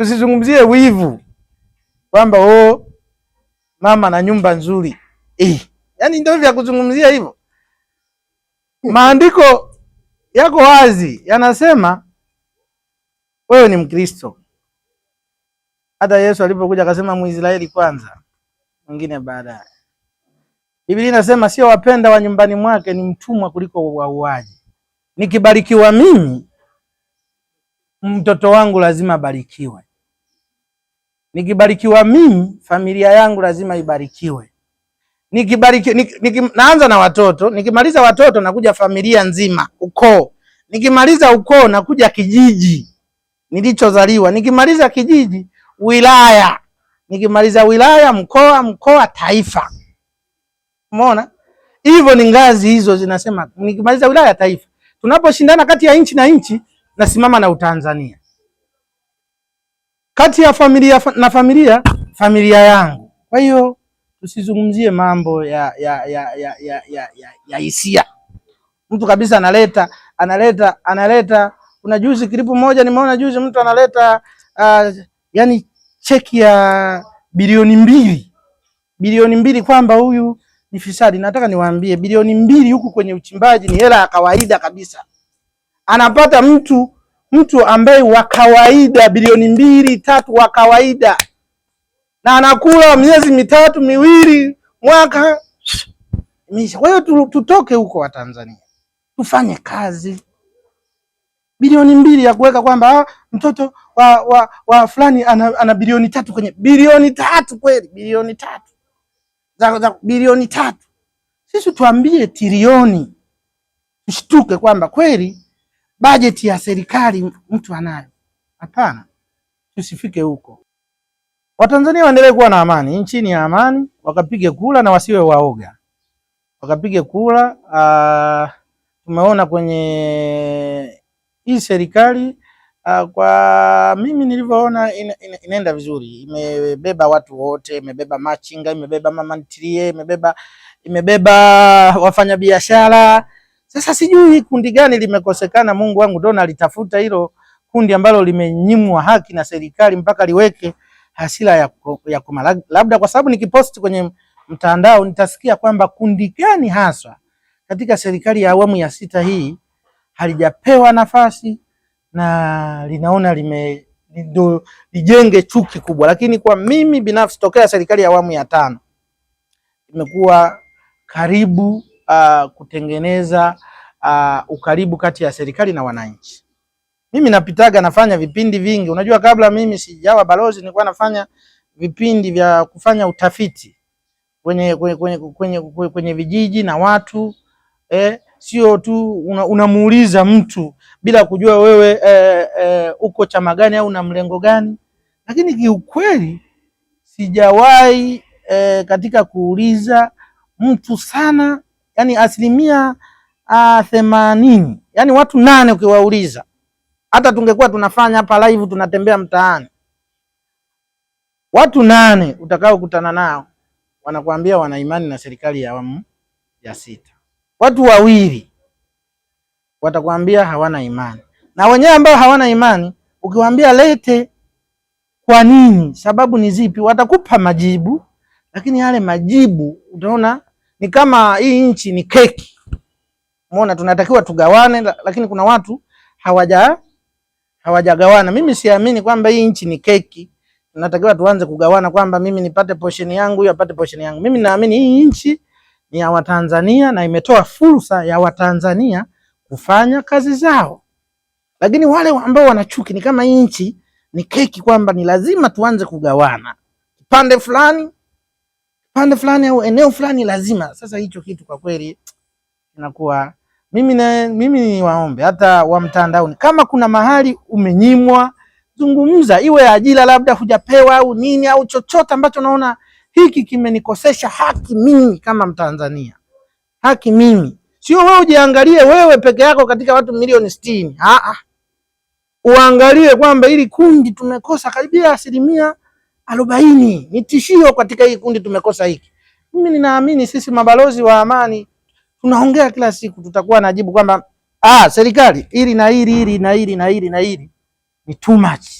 Tusizungumzie wivu kwamba oh, mama na nyumba nzuri eh, yaani ndio vya kuzungumzia hivyo. Maandiko yako wazi yanasema wewe ni Mkristo. Hata Yesu alipokuja akasema Mwisraeli kwanza, mwingine baadaye. Biblia inasema sio wapenda wa nyumbani mwake ni mtumwa kuliko wauaji. Nikibarikiwa mimi, mtoto wangu lazima abarikiwe nikibarikiwa mimi, familia yangu lazima ibarikiwe. Nikibariki, nik, nik, naanza na watoto, nikimaliza watoto nakuja familia nzima, ukoo. Nikimaliza ukoo nakuja kijiji nilichozaliwa, nikimaliza kijiji wilaya, nikimaliza wilaya mkoa, mkoa taifa. Umeona? Hivyo ni ngazi hizo zinasema, nikimaliza wilaya taifa. Tunaposhindana kati ya nchi na nchi, nasimama na Utanzania kati ya familia na familia, familia yangu. Kwa hiyo tusizungumzie mambo ya ya ya ya ya ya, ya hisia. Mtu kabisa analeta analeta analeta. Kuna juzi kilipo moja nimeona juzi mtu analeta uh, yani cheki ya bilioni mbili bilioni mbili kwamba huyu ni fisadi. Nataka niwaambie bilioni mbili huku kwenye uchimbaji ni hela ya kawaida kabisa, anapata mtu mtu ambaye wa kawaida bilioni mbili tatu wa kawaida, na anakula miezi mitatu miwili mwaka imeisha. Kwa hiyo tutoke huko Watanzania, tufanye kazi. Bilioni mbili ya kuweka kwamba ah, mtoto wa, wa, wa fulani ana, ana bilioni tatu kwenye bilioni tatu kweli, bilioni tatu za, za bilioni tatu. Sisi tuambie trilioni, tushtuke kwamba kweli bajeti ya serikali mtu anayo? Hapana, tusifike huko. Watanzania waendelee kuwa na amani, nchi ni ya amani, wakapige kula na wasiwe waoga, wakapige kula ah, Tumeona kwenye hii serikali ah, kwa mimi nilivyoona ina, ina, inaenda vizuri, imebeba watu wote, imebeba machinga, imebeba mama imebeba imebeba wafanyabiashara sasa sijui kundi gani limekosekana, Mungu wangu, dona alitafuta hilo kundi ambalo limenyimwa haki na serikali mpaka liweke hasira ya, ya kuma. Labda kwa sababu nikiposti kwenye mtandao nitasikia kwamba kundi gani haswa katika serikali ya awamu ya sita hii halijapewa nafasi na linaona lime ndo lijenge chuki kubwa. Lakini kwa mimi binafsi, tokea serikali ya awamu ya tano imekuwa karibu uh, kutengeneza uh, ukaribu kati ya serikali na wananchi. Mimi napitaga nafanya vipindi vingi. Unajua, kabla mimi sijawa balozi nilikuwa nafanya vipindi vya kufanya utafiti kwenye, kwenye, kwenye, kwenye, kwenye vijiji na watu eh, sio tu unamuuliza una mtu bila kujua wewe eh, eh, uko chama gani au una mlengo gani, lakini kiukweli sijawahi eh, katika kuuliza mtu sana yani asilimia uh, themanini, yani watu nane ukiwauliza, hata tungekuwa tunafanya hapa live tunatembea mtaani, watu nane utakaokutana nao wanakuambia wana imani na serikali ya awamu ya sita, watu wawili watakwambia hawana imani. Na wenyewe ambao hawana imani ukiwaambia lete kwa nini, sababu ni zipi, watakupa majibu, lakini yale majibu utaona ni kama hii nchi ni keki. Umeona, tunatakiwa tugawane, lakini kuna watu hawaja hawajagawana. Mimi siamini kwamba hii nchi ni keki, tunatakiwa tuanze kugawana, kwamba mimi nipate portion yangu, huyo apate portion yangu. Mimi naamini hii nchi ni ya Watanzania na imetoa fursa ya Watanzania kufanya kazi zao, lakini wale ambao wanachuki ni kama hii nchi ni keki, kwamba ni lazima tuanze kugawana kipande fulani pande fulani au eneo fulani lazima. Sasa hicho kitu kwa kweli inakuwa mimi na mimi niwaombe hata wa mtandaoni, kama kuna mahali umenyimwa, zungumza, iwe ajira labda hujapewa au nini au chochote ambacho naona hiki kimenikosesha haki mimi kama Mtanzania, haki mimi. Sio wewe ujiangalie wewe peke yako katika watu milioni sitini. Ah, uangalie kwamba ili kundi tumekosa karibia asilimia arobaini ni tishio katika hii kundi, tumekosa hiki. Mimi ninaamini sisi mabalozi wa amani tunaongea kila siku, tutakuwa najibu kwamba ah, serikali hili na hili hili na hili na hili na hili ni too much